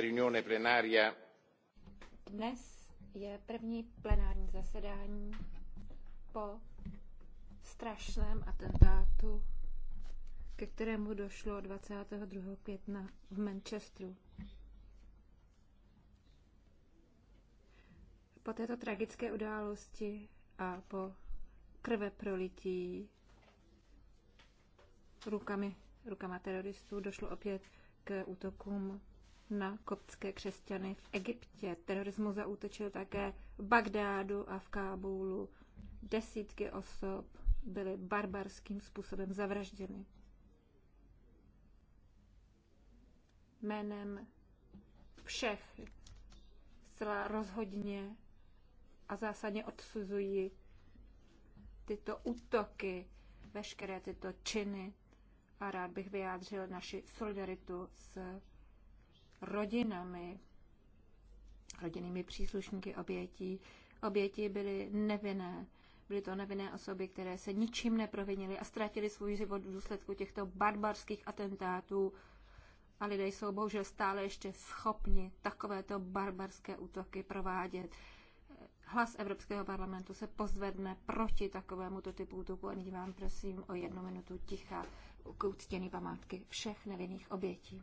riunione plenaria. Dnes je první plenární zasedání po strašném atentátu, ke kterému došlo 22. května v Manchesteru. Po této tragické události a po krve prolití rukami, rukama teroristů došlo opět k útokům na koptské křesťany v Egyptě. Terorismus zaútočil také v Bagdádu a v Kábulu. Desítky osob byly barbarským způsobem zavražděny. Jménem všech zcela rozhodně a zásadně odsuzují tyto útoky, veškeré tyto činy a rád bych vyjádřil naši solidaritu s rodinami, rodinnými příslušníky obětí. Oběti byly nevinné. Byly to nevinné osoby, které se ničím neprovinily a ztratili svůj život v důsledku těchto barbarských atentátů. A lidé jsou bohužel stále ještě schopni takovéto barbarské útoky provádět. Hlas Evropského parlamentu se pozvedne proti takovému typu útoku a nyní vám prosím o jednu minutu ticha k úctění památky všech nevinných obětí.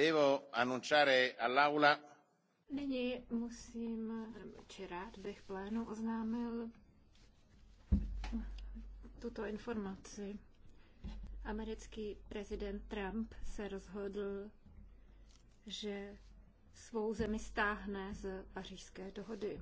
Devo annunciare all'aula. Nyní musím, či rád bych plénu oznámil tuto informaci. Americký prezident Trump se rozhodl, že svou zemi stáhne z pařížské dohody.